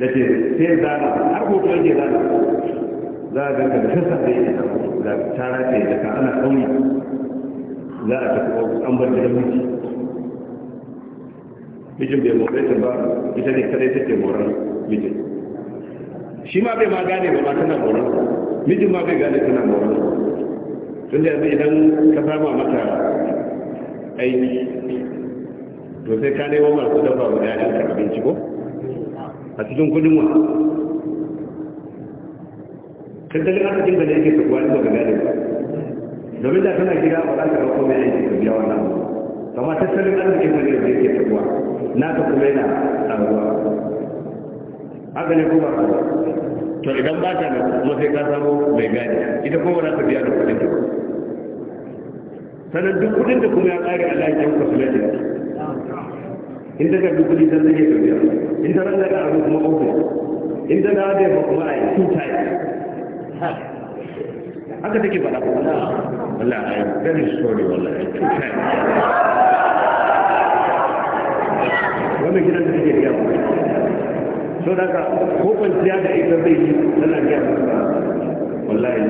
da ce sai zana har hoto yake zana za a ganka da sassa da yake da tara ce da ka ana kauri za a tafi an bar da miji mijin bai more ta ba ita ne kadai take moran mijin shi ma bai ma gane ba ma tana moran mijin ma bai gane tana moran tun da yanzu idan ka sama mata aiki to sai ka nemo masu dafa wa 'ya'yanka abinci ko a cikin kudin wa tattalin arzikin da ne yake sabuwa ne daga gane ba domin da kana gida ba za ka ga komai aiki ka biya wannan amma tattalin arzikin da ne yake sabuwa naka kuma yana sabuwa haka ne kuma to idan ba ta nan kuma sai ka samu mai gadi ita kuma za ta biya da kuɗin ta sannan duk kuɗin da kuma ya ƙare a lafiyar kwasulati in ta karbi kuɗi ta zai biya in ta ranga da abu kuma ofis in ta dawo da kuma a yi two times haka take faɗa Allah I am very gidan da take riya so da ka ko kwanciya da ita zai yi tana riya wallahi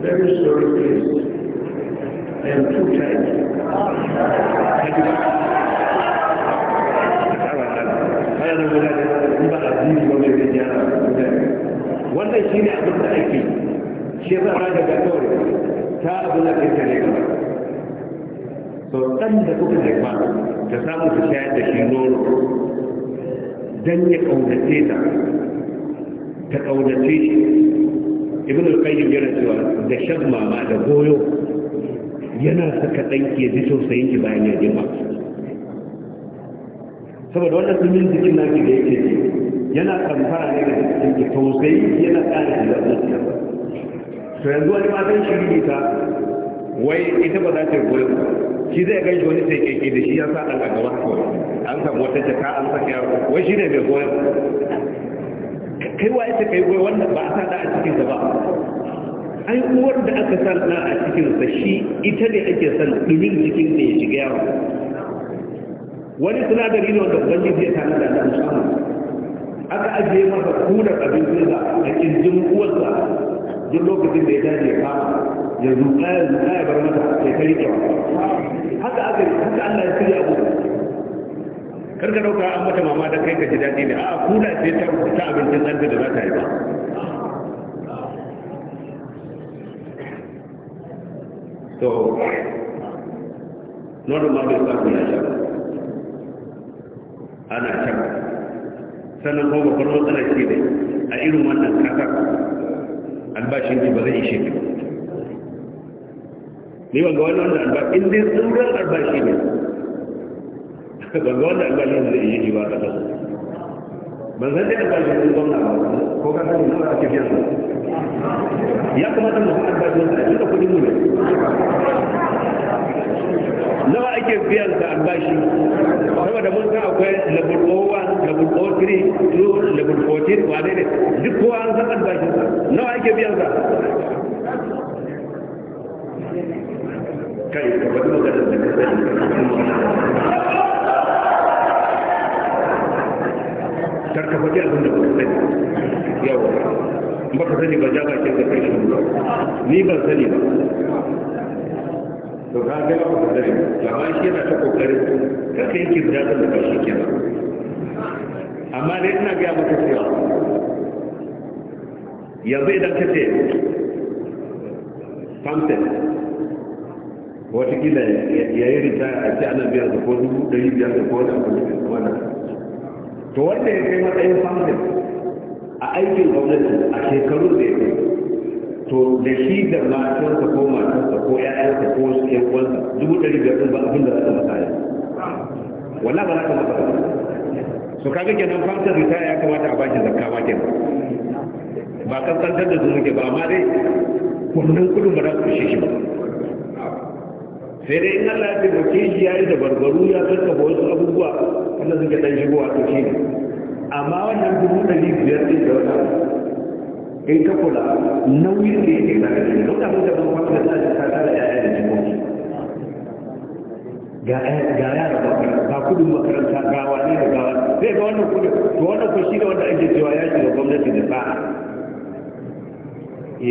very please I am too tired wannan shi ne abin da ake shi ya zama ga kawai ta abin da kai tare gaba to ɗan da kuka haifa ta samu ta shayar da shi nono don ya kaunace ta ta kaunace shi ibn al-qayyim yana cewa da shan mama da goyo yana saka ɗanki ya ji tausayin bayan ya ba saboda wannan sunan jikin nake da yake ji yana kamfara ne da cikin tausayi yana ƙara da zuciya to yanzu wani matan shi ita. wai ita ba za ta goyi shi zai ga shi wani sai keke da shi ya sa ɗan gaba ko an san wata jaka an saka yaro wai shi ne mai goyi kai wa ita kai goyi wannan ba a sa da a cikinsa ba ai uwar da aka sa na a cikinsa shi ita ne ake son dumin jikin da ya shiga yaro wani sinadari ne wanda ubangiji ya tana da musamman aka ajiye masa kudar da a kirjin uwarsa duk lokacin da ya dace ya ya zuƙa ya zuƙa ya bar mata sai ta riƙe haka aka yi haka Allah ya shirya abu karka dauka an mata mama da kai ka ji daɗi ne a kuda sai ta ta abin abincin ɗanta da za ta yi ba to nono ma bai sa kuna sha ana shan sannan kuma babbar matsala ce ne a irin wannan kasar albashin ki ba zai ishe ki ne ba ga wani wanda albashi in dai tsoron albashi ne ba ga wanda albashi zai yi ba a kasar ban zai dai albashi ne gwamna ba ko ka sani a ake biyan ya kamata mu san albashin sa a cikin kudin mu ne nawa ake biyan ta albashi saboda mun san akwai level 1 level 3 to level 14 wa ne duk kowa an san albashin sa nawa ake biyan sa kai ka bari magana da ka sani karka faɗi abin da ba ka sani yawa ba ka sani ba ja ke da kai shi ni ban sani ba to ka ga ba ka dare amma shi yana ta kokarin ka kai kirda da shi kenan amma dai ina ga maka cewa yanzu idan ka ce watakila ya yi rita a ce ana biyar da ko dubu biyar da ko wani abu da to wanda ya kai matsayin a aikin gwamnati a shekaru da ya kai to da shi da matarsa ko matarsa ko ƴaƴansa ko wasu ƴan uwansa dubu ɗari biyar sun ba abin da za ta masa yau wala ba za ka masa yau so kaga kenan famsa rita ya kamata a bashi zakka ma kenan ba kaskantar da muke ba amma dai wannan kudin ba za su ishe shi ba sai dai in Allah ya taimake shi ya yi da barbaru ya ba wasu abubuwa wanda suke ɗan shigowa to shi amma wannan dubu ɗari biyar ɗin da wata in ka kula nauyin da yake da kake lokacin da zan kwanta da ta ta da yaya da jikoki ga ga yara ba ga kudin makaranta ga wani da gawa sai ga wannan kudin to wannan ko shi da wanda ake cewa ya shiga gwamnati da ba.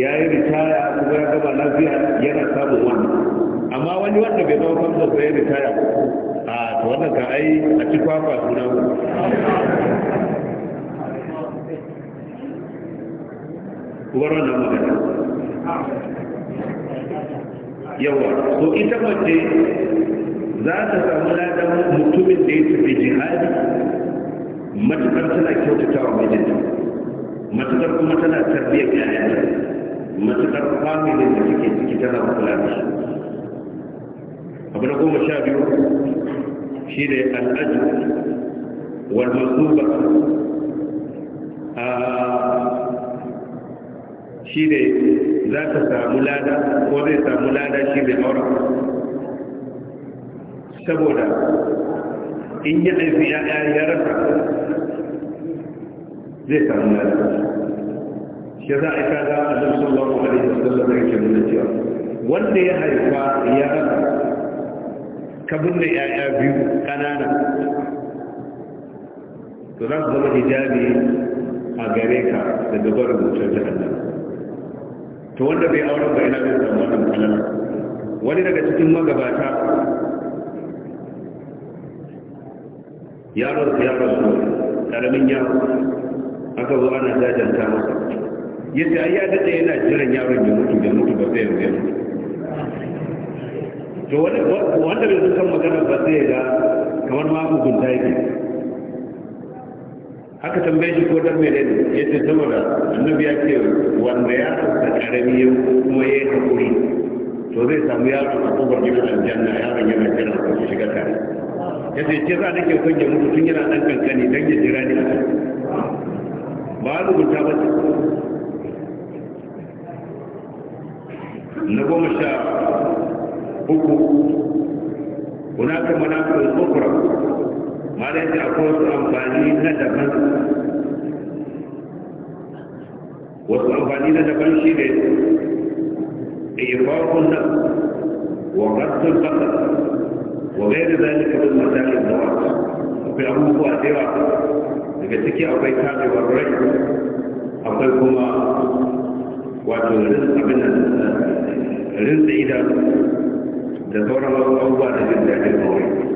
ya yi ritaya kuma ya gaba lafiya yana samun wannan amma wani wanda bai zama kwamfan sai ya ritaya a to wannan ga ai a ci kwakwa suna kuma wannan magana yawa so ita mace za ta samu ladan mutumin da ya tafi jihadi matukar tana kyautata wa mijinta matuƙar kuma tana tarbiya ga ƴaƴanta matukar familin da take ciki tana kula da shi abu na goma sha biyu shi ne al'adu wal masuba ah, shi ne za ta samu lada ko zai samu lada shi ne aura saboda in yi haifi ya'ya ya rasa zai samu lada shi za a ka za a zama sallallahu sun wasallam yake nuna cewa wanda ya haifa ya rasa ka binne ya'ya biyu ƙanana to za su zama hijabi a gare ka daga gwarin mutar jihar to wanda bai aure ba ina zai samu wannan falala wani daga cikin magabata yaron ya rasu karamin yaro aka zo ana jajanta masa yace ai ya dade yana jiran yaron ya mutu da mutu ba zai yi to wanda wanda bai san magana ba zai ga kamar ma hukunta yake aka tambaye shi ko dan menene yace saboda annabi ya ce wanda ya ta karami ya kuma ya hakuri to zai samu yaro ta kofar gidan aljanna ya yaron yana jira ko shiga tare yace ce za nake son ya mutu tun yana dan kankani dan ya jira ni ba ta ba na goma sha uku هناك منافع أخرى malam da akwai wasu amfani na daban wasu amfani na daban shi ne ifafun nan wa qatlul basar wa ghayr zalika min masail zawat akwai abubuwa da yawa daga ciki akwai kamewar rai akwai kuma wato abin nan rinsa idanu da sauran abubuwa da jin daɗin kawai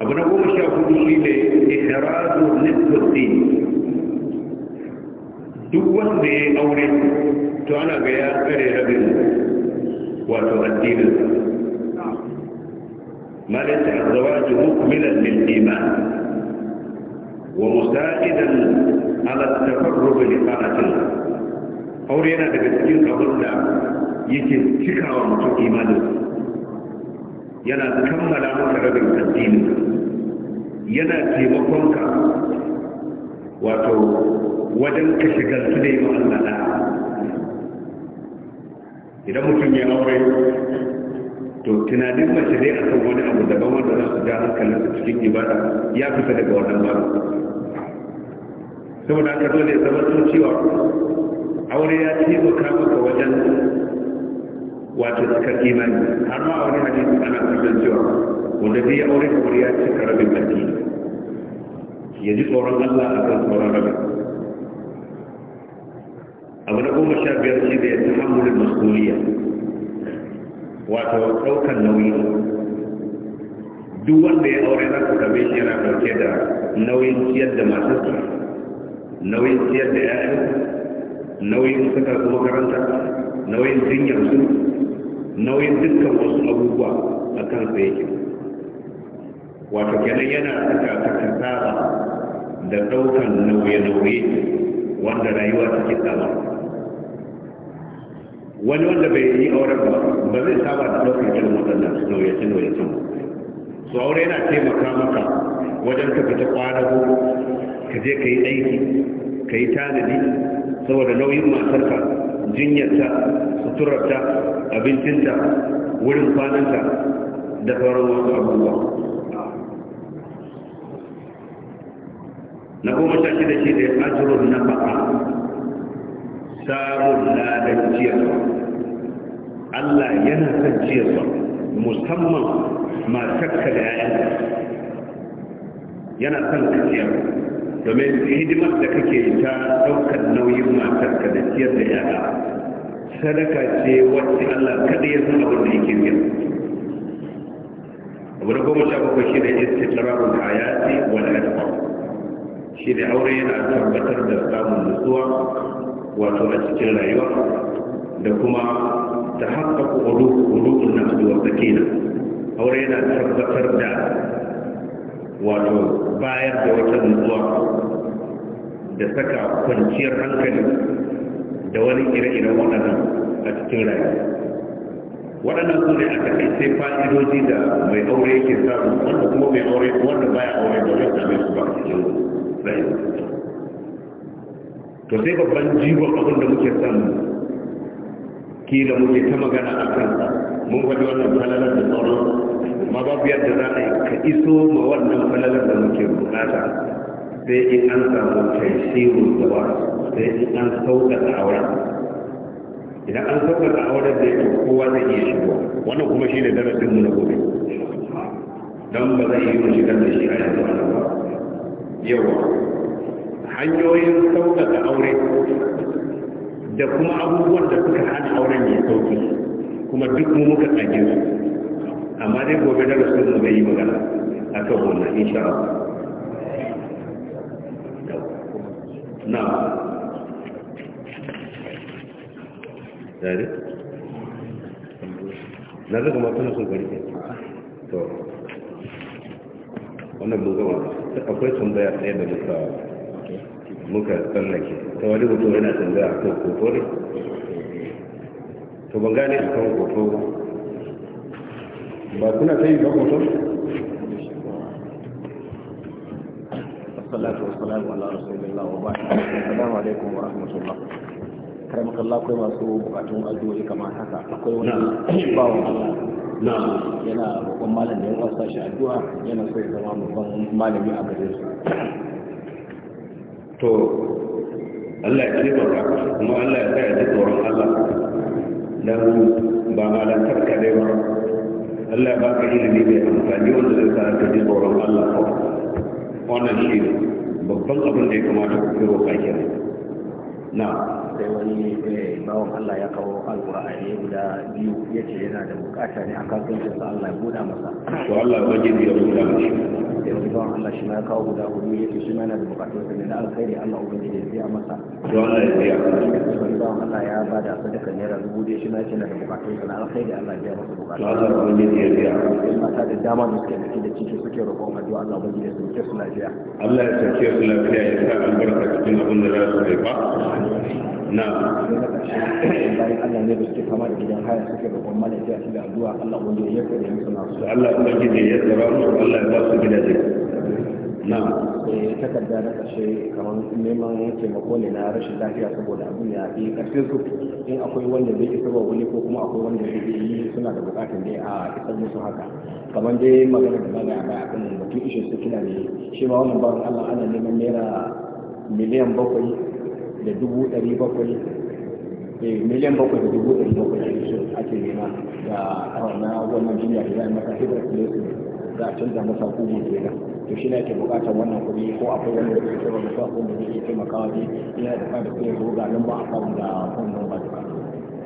abu na goma sha hudu shi ne ikirazu nisbuddin duk wanda ya aure to ana ga ya tsare rabin wato addinin malaka azwaji mukmilan lil iman wa musa'idan ala tafarrub li qanatin aure yana daga cikin abin da yake cikawa mutum imanin yana kammala maka rabin addini yana taimakonka wato wajen ka shigarsu da yi ma'allala idan mutum ya aure to tunanin mace dai a kan wani abu daban wanda za su ja su cikin ibada ya fita daga wannan ba saboda aka dole ya zama cewa aure ya taimaka maka wajen wato cikar imani har ma a wani hadisi ana kallon cewa wanda zai aure kamar ya ci karabin addini ya ji tsoron Allah a kan tsoron rabin abu na goma sha biyar shi da ya ta hamulin masuliya wato ɗaukan nauyi duk wanda ya aure za su mai shi yana ɗauke da nauyin ciyar da masu matarsa nauyin ciyar da 'ya'yan nauyin suka kuma karanta nauyin jinyar su nauyin dukkan wasu abubuwa a kansa yake wato kenan yana saka ta kasara da ɗaukan nauye-nauye wanda rayuwa take saba wani wanda bai yi auren ba ba zai saba da ɗaukan irin waɗannan nauye-nauyecin ba su aure yana taimaka maka wajen ka fita kwanago ka je ka yi aiki ka yi tanadi saboda nauyin matarka jinyarta suturarta abincinta wurin kwananta da sauran wasu abubuwa na goma sha shida shi ne ajiro na fa'a samun ladan ciyarwa Allah yana son ciyarwa musamman matakka da yana son ka ciyarwa domin hidimar da kake ta daukar nauyin matar ka da ciyar da yara sadaka ce wacce Allah kada ya san abin da yake biya abu na goma sha bakwai shi ne istiqrarul hayati wal adab shi ne aure yana tabbatar da samun nutsuwa wato a cikin rayuwa da kuma ta haƙƙaƙa ulugun na zuwa tsakina, aure yana tabbatar da wato bayar da wata nutsuwa da saka kwanciyar hankali da wani ire-iren waɗannan a cikin rayu waɗannan su ne a sai fa'idoji da mai aure yake samu wanda kuma mai aure wanda baya aure ba zai same su ba a cikin rayu to sai babban jiwon abin da muke samu kila muke ta magana a kansa mun faɗi wannan falalar da sauran ma babu yadda za a yi ka iso ma wannan falalar da muke bukata sai in an samu taisirun gaba sai in an sauƙaƙa auren idan an sauƙaƙa auren da yake kowa zai iya shigo wannan kuma shi ne darasin mu na gobe don ba zai yi mu shigar da shi a yanzu ana ba yawa hanyoyin sauƙaƙa aure da kuma abubuwan da suka hana auren ya sauki kuma duk mu muka tsage su amma dai gobe da rasu da zai yi magana a kan wannan insha Allah na yare na zaka kuma kuna son karfe to wannan bugawa akwai tambaya ɗaya da muka muka tsallake ta wani hoto yana tambaya a kan kofo ne to ban gane a kan kofo ba kuna ta yi ba hoto salatu wa salamu ala rasulillah wa ba assalamu alaikum wa rahmatullah karamaka Allah akwai masu bukatun addu'o'i kamar haka akwai wani bawon Allah na yana babban malam da wasa shi addu'a yana so ya zama babban malami a gare su to Allah ya ce ba kuma Allah ya sa ya ji tsoron Allah dan ba malantar kadai ba Allah ya baka ilimi mai amfani wanda zai sa ka ji tsoron Allah ko wannan shi ne babban abin da ya kamata ku kai wa kake na akwai wani eh, bawan Allah ya kawo alƙur'ani guda biyu ya ce yana da bukata ne a kasuwancin sa Allah ya buɗa masa to Allah ya ji ya buɗa masa da wani bawan Allah shi ma ya kawo guda hudu ya ce shi ma da bukatun sa na alkhairi Allah ubangiji ya biya masa to Allah ya biya wani bawan Allah ya ba da sadaka naira dubu ɗaya shi ma ya ce na da bukatun sa na alkhairi Allah ya biya masa bukatun Allah ubangiji ya biya mata da dama da suke da da ciki suke roƙon addu'a Allah ubangiji ya sauke suna jiya. Allah ya sauke su lafiya ya sa albarka cikin abin da za su haifa na bayan Allah ne da suke kama da gidan haya suke roƙon mana ya ci da addu'a Allah wanda ya kare mu suna su Allah ubangiji ya tsara musu Allah ya ba su gidaje na eh takarda na kashe kamar neman taimako ne na rashin lafiya saboda abin ya yi karfin su in akwai wanda zai isa ba wani ko kuma akwai wanda zai yi suna da bukatun ne a isar musu haka kamar dai magana da magana ba akan mutum ishe su kila ne shi ma wannan bawan Allah ana neman naira miliyan bakwai da dubu ɗari bakwai eh, miliyan bakwai da dubu ɗari bakwai da ake nema da na wannan jinya da zai maka hibra kilesu za a canza masa kuma kenan to shi ne ke bukatar wannan kuɗi ko akwai wani da ke kira masa kuma da ke taimakawa ne yana da kada kuma ko ga lamba a kan da kuma lamba duka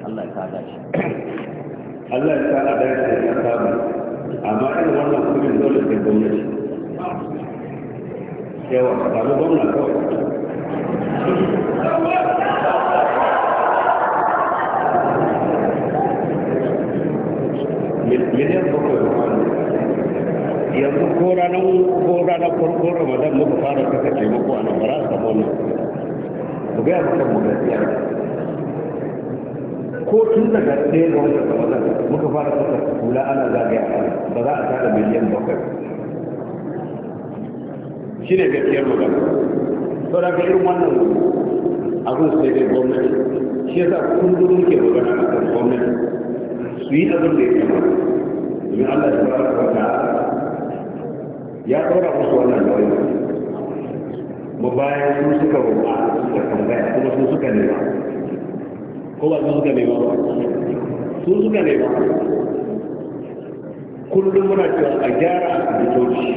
Allah ya sa dace Allah ya sa a dace ya samu amma irin wannan kuɗin dole sai gwamnati yawa ba mu gwamnati kawai miliyan bakwai yanzu ko ranar ko ranar farko ramadan muka fara kaka taimako a nan bara a samu wannan ku gaya maka mu gaskiya ko tun daga ɗaya ga wata ramadan muka fara kaka kula ana zagaya ba za a tara miliyan bakwai shi ne gaskiyar magana saboda ga irin wannan abin su dai gwamnati shi yasa kullum ke magana a kan gwamnati su yi abin da ya kama domin Allah ya fara kwata ya tsora musu wannan nauyi mu bayan su suka roƙa suka tambaya kuma su suka nema ko ba su suka nema ba su suka nema kullum muna cewa a gyara asibitoci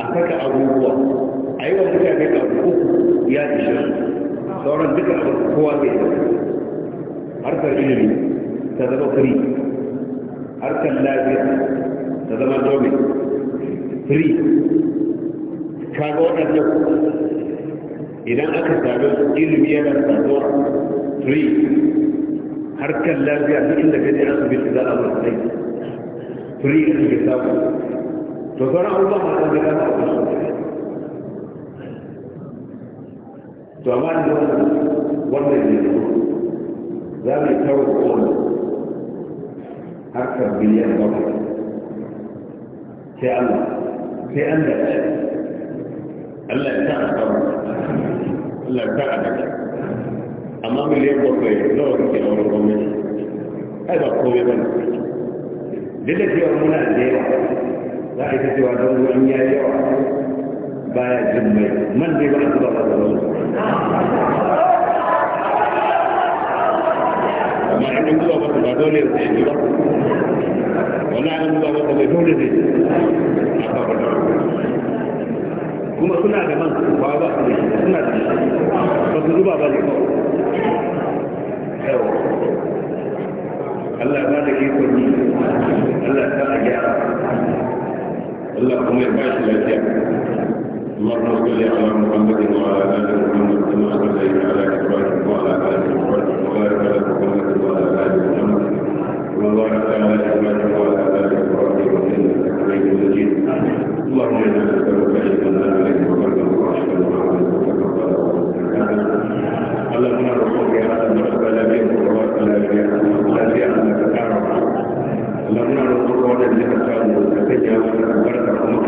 a saka abubuwa a yi wa mutane abu ya ishirin sauran duka kowa zai dauka harkar ilimi ta zama free harkar lafiya ta zama domin free kaga waɗannan idan aka sami ilimi yana samuwa free harkar lafiya duk inda kaje asibiti za a zo sai free ne ke samu to sauran abubuwa masu da kama a kusa to amma da wannan wannan ne za mu tawo kowane harkar biliyan bakwai sai Allah sai an da shi Allah ya sa a kawo Allah ya sa a daga amma miliyan bakwai nawa kake a wurin gwamnati ai ba komai ba duk da cewa muna da yawa za a yi ta cewa don ruwan ya yawa baya jin mai man ne ba su ba ba amma an zuwa ba ba dole ne ji ba wala an zuwa ba ba dole ne haka ba kuma suna da man ba ba su suna da ba su zuba ba ne kawai Allah ba da ikon yi Allah ta a gyara Allah kuma ya ba shi lafiya اللهم صل على محمد وعلى ال محمد كما صليت على ابراهيم وعلى ال ابراهيم وبارك على محمد وعلى ال محمد كما باركت على ابراهيم وعلى ال ابراهيم انك حميد مجيد اللهم انا نسالك علما لا عليك وبركه ورحمه وعملا وتقبل اللهم ارحمك يا هذا المقبل به وبارك لك الذي انك تعرف اللهم ارحمك ونجزك خيرا وتجعل لك بركه